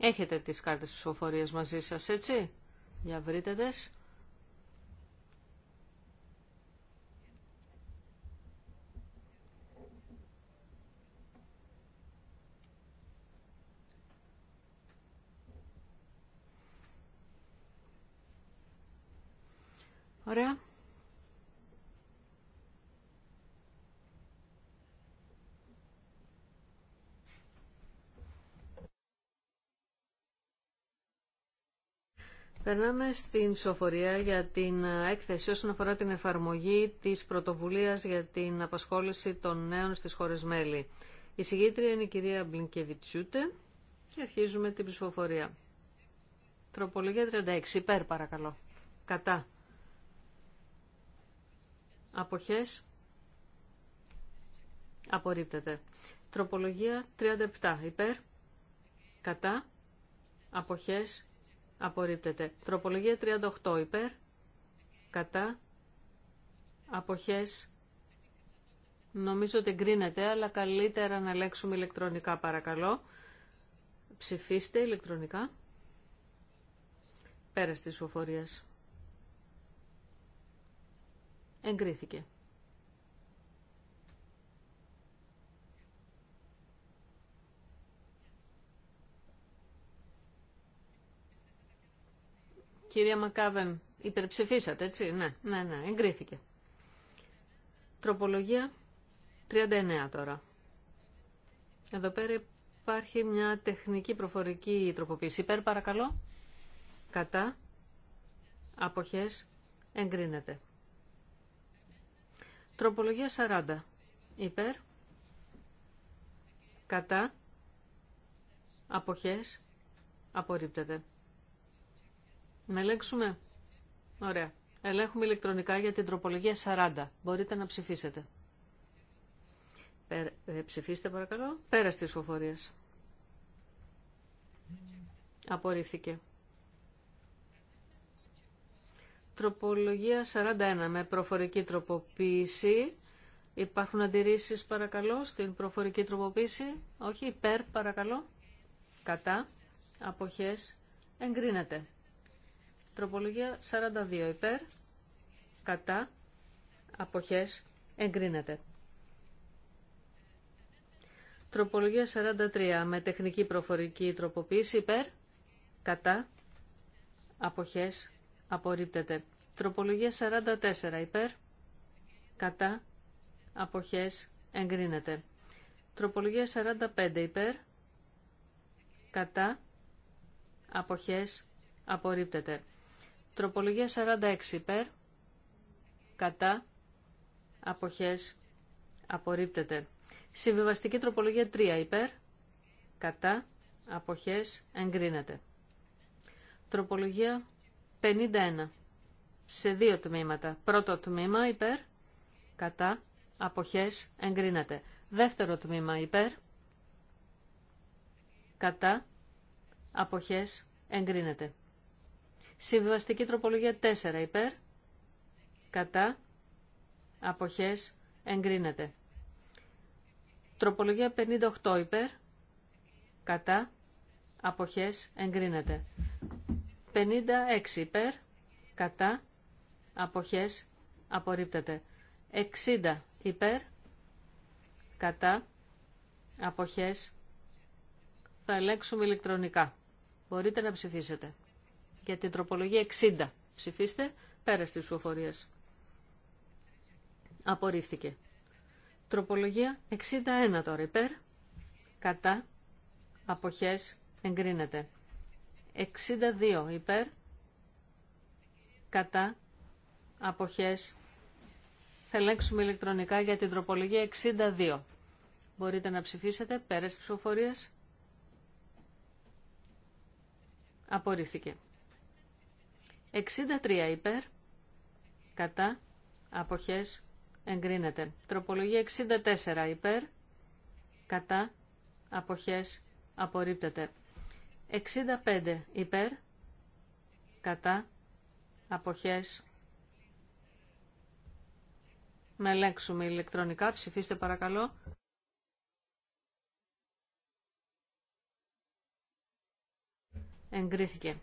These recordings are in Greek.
Έχετε τις κάρτες ψηφοφορίας μαζί σας, έτσι. Για βρείτε τες. Ωραία. Περνάμε στην ψηφοφορία για την έκθεση όσον αφορά την εφαρμογή της πρωτοβουλίας για την απασχόληση των νέων στις χώρες μέλη. Η συγγήτρια είναι η κυρία Μπλινκεβιτσούτε και αρχίζουμε την ψηφοφορία. Τροπολογία 36. Υπέρ παρακαλώ. Κατά. Αποχές. Απορρίπτεται. Τροπολογία 37. Υπέρ. Κατά. Αποχές. Απορρίπτεται. Τροπολογία 38 υπέρ. Κατά. Αποχές. Νομίζω ότι εγκρίνεται, αλλά καλύτερα να λέξουμε ηλεκτρονικά παρακαλώ. Ψηφίστε ηλεκτρονικά. Πέρας της φοφορίας Εγκρίθηκε. Κυρία Μακάβεν, υπερψηφίσατε, έτσι. Ναι, ναι, ναι, εγκρίθηκε. Τροπολογία 39 τώρα. Εδώ πέρα υπάρχει μια τεχνική προφορική τροποποίηση. Υπέρ παρακαλώ. Κατά. Αποχές. Εγκρίνεται. Τροπολογία 40. Υπέρ. Κατά. Αποχές. Απορρίπτεται. Να ελέγξουμε. Ωραία. Ελέγχουμε ηλεκτρονικά για την τροπολογία 40. Μπορείτε να ψηφίσετε. Ε, ψηφίστε παρακαλώ. Πέρα στις φοφορίες. Απορρίφθηκε. Τροπολογία 41 με προφορική τροποποίηση. Υπάρχουν αντιρρήσεις παρακαλώ στην προφορική τροποποίηση. Όχι, υπέρ παρακαλώ. Κατά. Αποχές. Εγκρίνεται. Τροπολογία 42 υπέρ, κατά, αποχές, εγκρίνεται. Τροπολογία 43 με τεχνική προφορική τροποποίηση υπέρ, κατά, αποχές, απορρίπτεται. Τροπολογία 44 υπέρ, κατά, αποχές, εγκρίνεται. Τροπολογία 45 υπέρ, κατά, αποχές, απορρίπτεται. Τροπολογία 46 υπέρ, κατά, αποχές, απορρίπτεται. Συμβιβαστική τροπολογία 3 υπέρ, κατά, αποχές, εγκρίνεται. Τροπολογία 51 σε δύο τμήματα. Πρώτο τμήμα υπέρ, κατά, αποχές, εγκρίνεται. Δεύτερο τμήμα υπέρ, κατά, αποχές, εγκρίνεται. Συμβαστική τροπολογία 4 υπέρ, κατά, αποχές, εγκρίνεται. Τροπολογία 58 υπέρ, κατά, αποχές, εγκρίνεται. 56 υπέρ, κατά, αποχές, απορρίπτεται. 60 υπέρ, κατά, αποχές, θα ελέγξουμε ηλεκτρονικά. Μπορείτε να ψηφίσετε για την τροπολογία 60. Ψηφίστε πέρα τη ψηφοφορίες. Απορρίφθηκε. Τροπολογία 61 τώρα υπέρ. Κατά. Αποχές. Εγκρίνεται. 62 υπέρ. Κατά. Αποχές. Θα ελέγξουμε ηλεκτρονικά για την τροπολογία 62. Μπορείτε να ψηφίσετε πέρα τη ψηφοφορία. Απορρίφθηκε. 63 υπέρ, κατά, αποχές, εγκρίνεται. Τροπολογία 64 υπέρ, κατά, αποχές, απορρίπτεται. 65 υπέρ, κατά, αποχές, να ελέγξουμε ηλεκτρονικά. Ψηφίστε παρακαλώ. Εγκρίθηκε.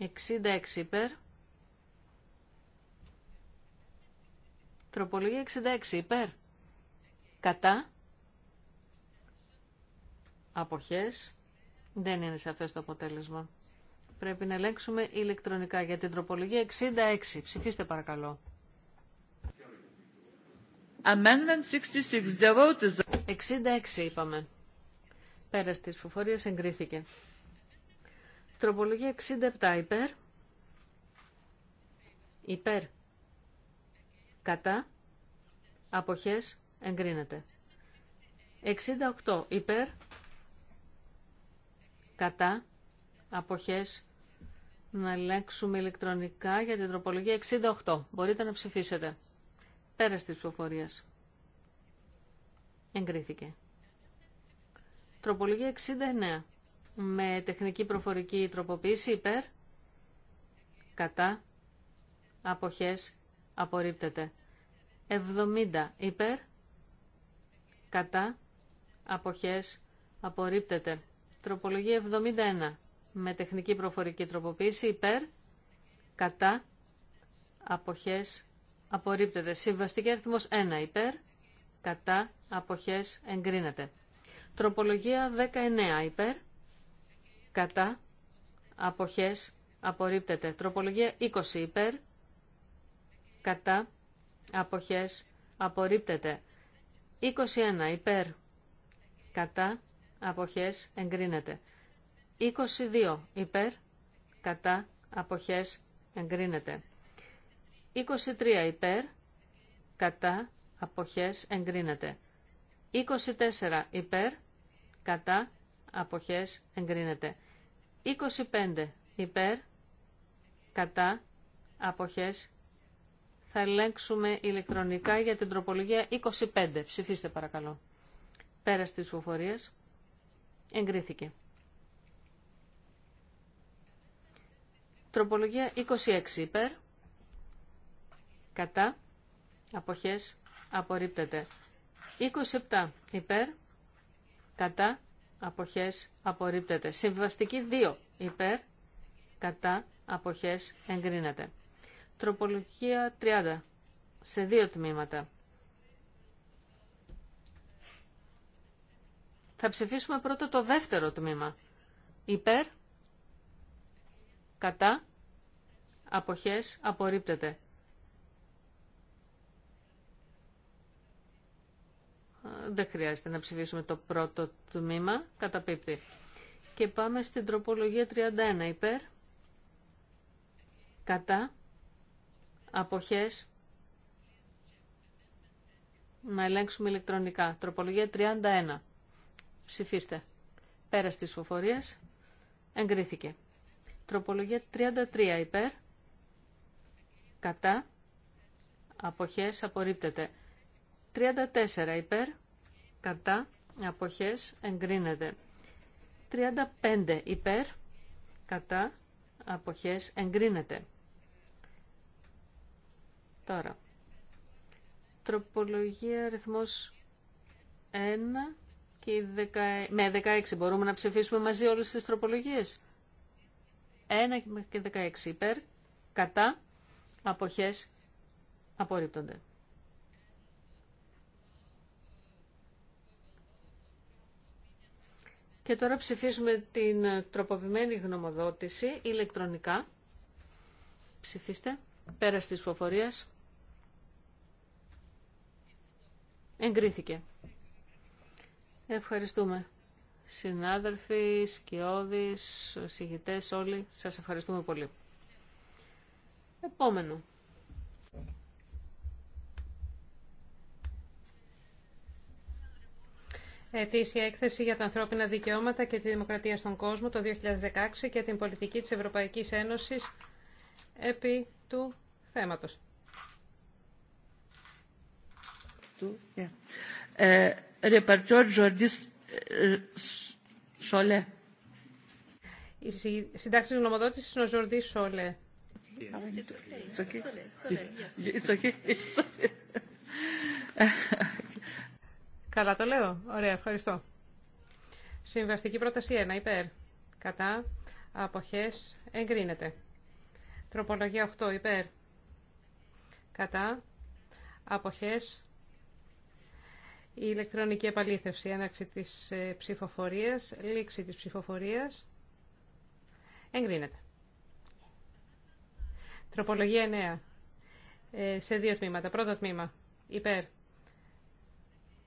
66 υπέρ. Τροπολογία 66 υπέρ. Κατά. Αποχές. Δεν είναι σαφέ το αποτέλεσμα. Πρέπει να ελέγξουμε ηλεκτρονικά για την τροπολογία 66. Ψηφίστε παρακαλώ. Amendment 66. 66 είπαμε. Πέρας της φοφορίας εγκρίθηκε. Τροπολογία 67 υπέρ. Υπέρ. Κατά. Αποχές. Εγκρίνεται. 68 υπέρ. Κατά. Αποχές. Να ελέγξουμε ηλεκτρονικά για την τροπολογία 68. Μπορείτε να ψηφίσετε. Πέρας της ψηφοφορίας. Εγκρίθηκε. Τροπολογία 69 με τεχνική προφορική τροποποίηση υπέρ, κατά, αποχές, απορρίπτεται. 70 υπέρ, κατά, αποχές, απορρίπτεται. Τροπολογία 71 με τεχνική προφορική τροποποίηση υπέρ, κατά, αποχές, απορρίπτεται. Συμβαστική αριθμός 1 υπέρ, κατά, αποχές, εγκρίνεται. Τροπολογία 19 υπέρ, κατά, αποχές, απορρίπτεται. Τροπολογία 20 υπέρ, κατά, αποχές, απορρίπτεται. 21 υπέρ, κατά, αποχές, εγκρίνεται. 22 υπέρ, κατά, αποχές, εγκρίνεται. 23 υπέρ, κατά, αποχές, εγκρίνεται. 24 υπέρ, κατά, αποχές εγκρίνεται. 25 υπέρ, κατά, αποχές θα ελέγξουμε ηλεκτρονικά για την τροπολογία 25. Ψηφίστε παρακαλώ. Πέρα στις ψηφοφορίες εγκρίθηκε. Τροπολογία 26 υπέρ, κατά, αποχές απορρίπτεται. 27 υπέρ, κατά, αποχές απορρίπτεται. Συμβαστική 2 υπέρ, κατά, αποχές εγκρίνεται. Τροπολογία 30 σε δύο τμήματα. Θα ψηφίσουμε πρώτα το δεύτερο τμήμα. Υπέρ, κατά, αποχές απορρίπτεται. δεν χρειάζεται να ψηφίσουμε το πρώτο τμήμα, καταπίπτει. Και πάμε στην τροπολογία 31, υπέρ, κατά, αποχές, να ελέγξουμε ηλεκτρονικά. Τροπολογία 31. Ψηφίστε. Πέρα στις φοφορίες. εγκρίθηκε. Τροπολογία 33, υπέρ, κατά, αποχές, απορρίπτεται. 34 υπέρ, κατά αποχές εγκρίνεται. 35 υπέρ κατά αποχές εγκρίνεται. Τώρα, τροπολογία αριθμός 1 και 10, με 16 μπορούμε να ψηφίσουμε μαζί όλες τις τροπολογίες. 1 και 16 υπέρ, κατά, αποχές απορρίπτονται. Και τώρα ψηφίζουμε την τροποποιημένη γνωμοδότηση ηλεκτρονικά. Ψηφίστε. Πέρα της ψηφοφορίας. Εγκρίθηκε. Ευχαριστούμε. Συνάδελφοι, σκιώδεις, συγητές όλοι, σας ευχαριστούμε πολύ. Επόμενο. ετήσια έκθεση για τα ανθρώπινα δικαιώματα και τη δημοκρατία στον κόσμο το 2016 και την πολιτική της Ευρωπαϊκής Ένωσης επί του θέματος. Σόλε. Ε, Η συντάξη γνωμοδότησης είναι ο Ζορδί Σόλε. It's okay. It's okay. It's okay. Καλά το λέω. Ωραία, ευχαριστώ. Συμβαστική πρόταση 1. Υπέρ. Κατά. Αποχές. Εγκρίνεται. Τροπολογία 8. Υπέρ. Κατά. Αποχές. Η ηλεκτρονική επαλήθευση. Έναρξη τη ε, ψηφοφορίας. Λήξη της ψηφοφορίας. Εγκρίνεται. Τροπολογία 9. Ε, σε δύο τμήματα. Πρώτο τμήμα. Υπέρ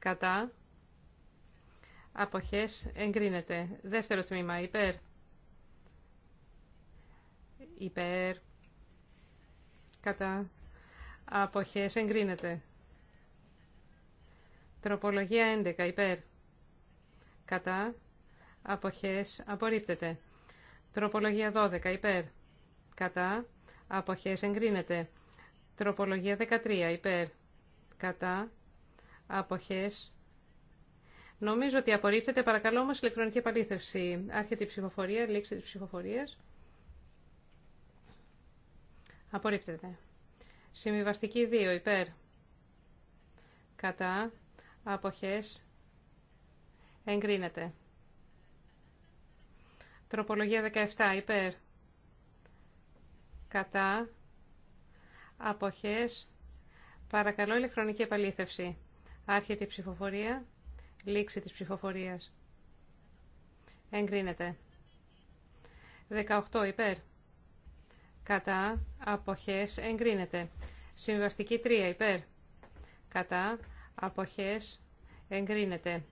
κατά, αποχές, εγκρίνεται. Δεύτερο τμήμα, υπέρ, υπέρ, κατά, αποχές, εγκρίνεται. Τροπολογία 11, υπέρ, κατά, αποχές, απορρίπτεται. Τροπολογία 12, υπέρ, κατά, αποχές, εγκρίνεται. Τροπολογία 13, υπέρ, κατά, αποχές. Νομίζω ότι απορρίπτεται. Παρακαλώ όμως ηλεκτρονική επαλήθευση. Άρχεται η ψηφοφορία, λήξη τη ψηφοφορία. Απορρίπτεται. Συμβιβαστική 2 υπέρ. Κατά. Αποχές. Εγκρίνεται. Τροπολογία 17 υπέρ. Κατά. Αποχές. Παρακαλώ ηλεκτρονική επαλήθευση. Άρχεται η ψηφοφορία. Λήξη της ψηφοφορίας. Εγκρίνεται. 18 υπέρ. Κατά. Αποχές. Εγκρίνεται. Συμβαστική 3 υπέρ. Κατά. Αποχές. Εγκρίνεται.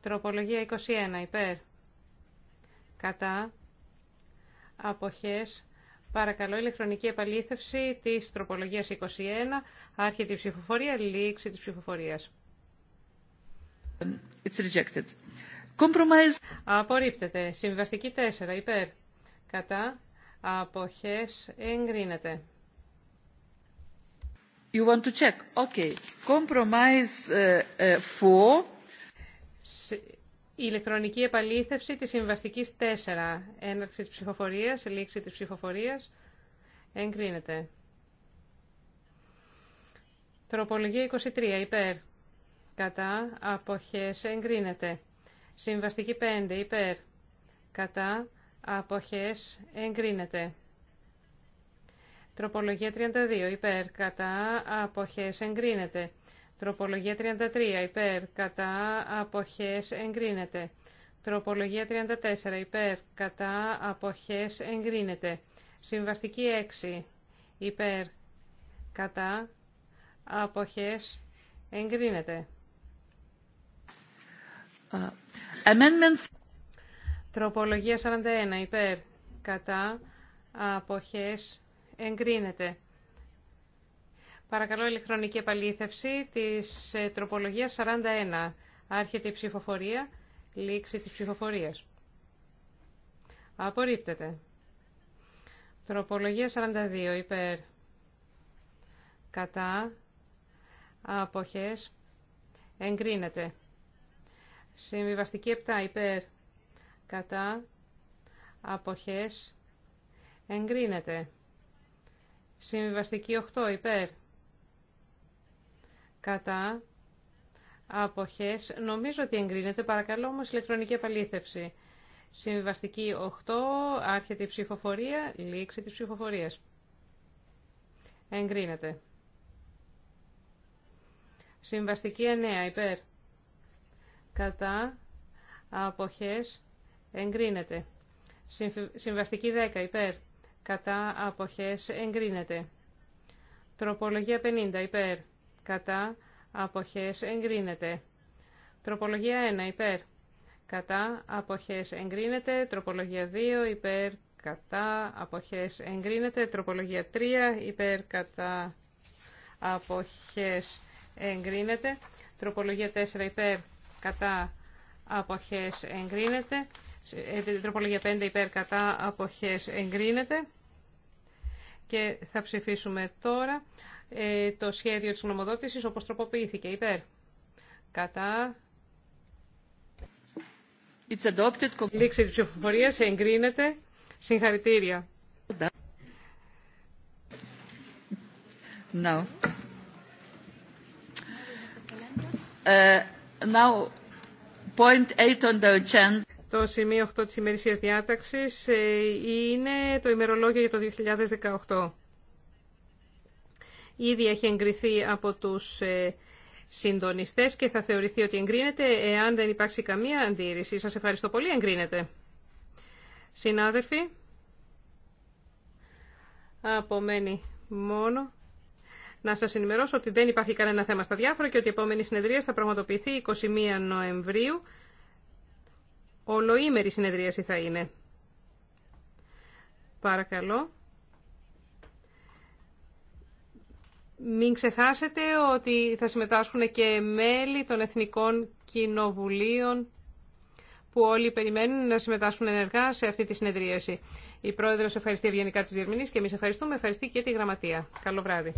Τροπολογία 21 υπέρ. Κατά. Αποχές. Παρακαλώ ηλεκτρονική επαλήθευση της τροπολογίας 21. Άρχεται η ψηφοφορία. Λήξη της ψηφοφορίας. Απορρίπτεται. Συμβαστική 4. Υπέρ. Κατά. Αποχές. Εγκρίνεται. You want to check. Okay. Compromise Η ε, ε, ηλεκτρονική επαλήθευση τη συμβαστικής 4. Έναρξη της ψηφοφορίας, λήξη της ψηφοφορία. Εγκρίνεται. Τροπολογία 23. Υπέρ κατά αποχές εγκρίνεται. Συμβαστική 5 υπέρ κατά αποχές εγκρίνεται. Τροπολογία 32 υπέρ κατά αποχές εγκρίνεται. Τροπολογία 33 υπέρ κατά αποχές εγκρίνεται. Τροπολογία 34 υπέρ κατά αποχές εγκρίνεται. Συμβαστική 6 υπέρ κατά αποχές εγκρίνεται. Τροπολογία 41. Υπέρ. Κατά. Αποχές. Εγκρίνεται. Παρακαλώ ηλεκτρονική επαλήθευση της ε, τροπολογίας 41. Άρχεται η ψηφοφορία. Λήξη της ψηφοφορίας. Απορρίπτεται. Τροπολογία 42. Υπέρ. Κατά. Αποχές. Εγκρίνεται. Συμβιβαστική 7 υπέρ κατά αποχές εγκρίνεται. Συμβιβαστική 8 υπέρ κατά αποχές νομίζω ότι εγκρίνεται. Παρακαλώ όμως ηλεκτρονική επαλήθευση. Συμβιβαστική 8 άρχεται η ψηφοφορία, λήξη της ψηφοφορίας. Εγκρίνεται. Συμβαστική 9 υπέρ κατά αποχές εγκρίνεται. Συμβαστική 10 υπέρ κατά αποχές εγκρίνεται. Τροπολογία 50 υπέρ κατά αποχές εγκρίνεται. Τροπολογία 1 υπέρ κατά αποχές εγκρίνεται. Τροπολογία 2 υπέρ κατά αποχές εγκρίνεται. Τροπολογία 3 υπέρ κατά αποχές εγκρίνεται. Τροπολογία 4 υπέρ κατά αποχές εγκρίνεται. Ε, τροπολογία 5 υπέρ κατά αποχές εγκρίνεται. Και θα ψηφίσουμε τώρα ε, το σχέδιο της γνωμοδότησης όπως τροποποιήθηκε υπέρ. Κατά. It's adopted. Λήξη της ψηφοφορίας εγκρίνεται. Συγχαρητήρια. Now. Ε, το σημείο 8 της ημερησίας διάταξης ε, είναι το ημερολόγιο για το 2018. Ήδη έχει εγκριθεί από τους ε, συντονιστές και θα θεωρηθεί ότι εγκρίνεται εάν δεν υπάρξει καμία αντίρρηση. Σας ευχαριστώ πολύ, εγκρίνεται. Συνάδελφοι, απομένει μόνο να σας ενημερώσω ότι δεν υπάρχει κανένα θέμα στα διάφορα και ότι η επόμενη συνεδρία θα πραγματοποιηθεί 21 Νοεμβρίου. Ολοήμερη συνεδρίαση θα είναι. Παρακαλώ. Μην ξεχάσετε ότι θα συμμετάσχουν και μέλη των Εθνικών Κοινοβουλίων που όλοι περιμένουν να συμμετάσχουν ενεργά σε αυτή τη συνεδρίαση. Η Πρόεδρος ευχαριστεί ευγενικά τις Διερμηνείς και εμείς ευχαριστούμε. Ευχαριστεί και τη Γραμματεία. Καλό βράδυ.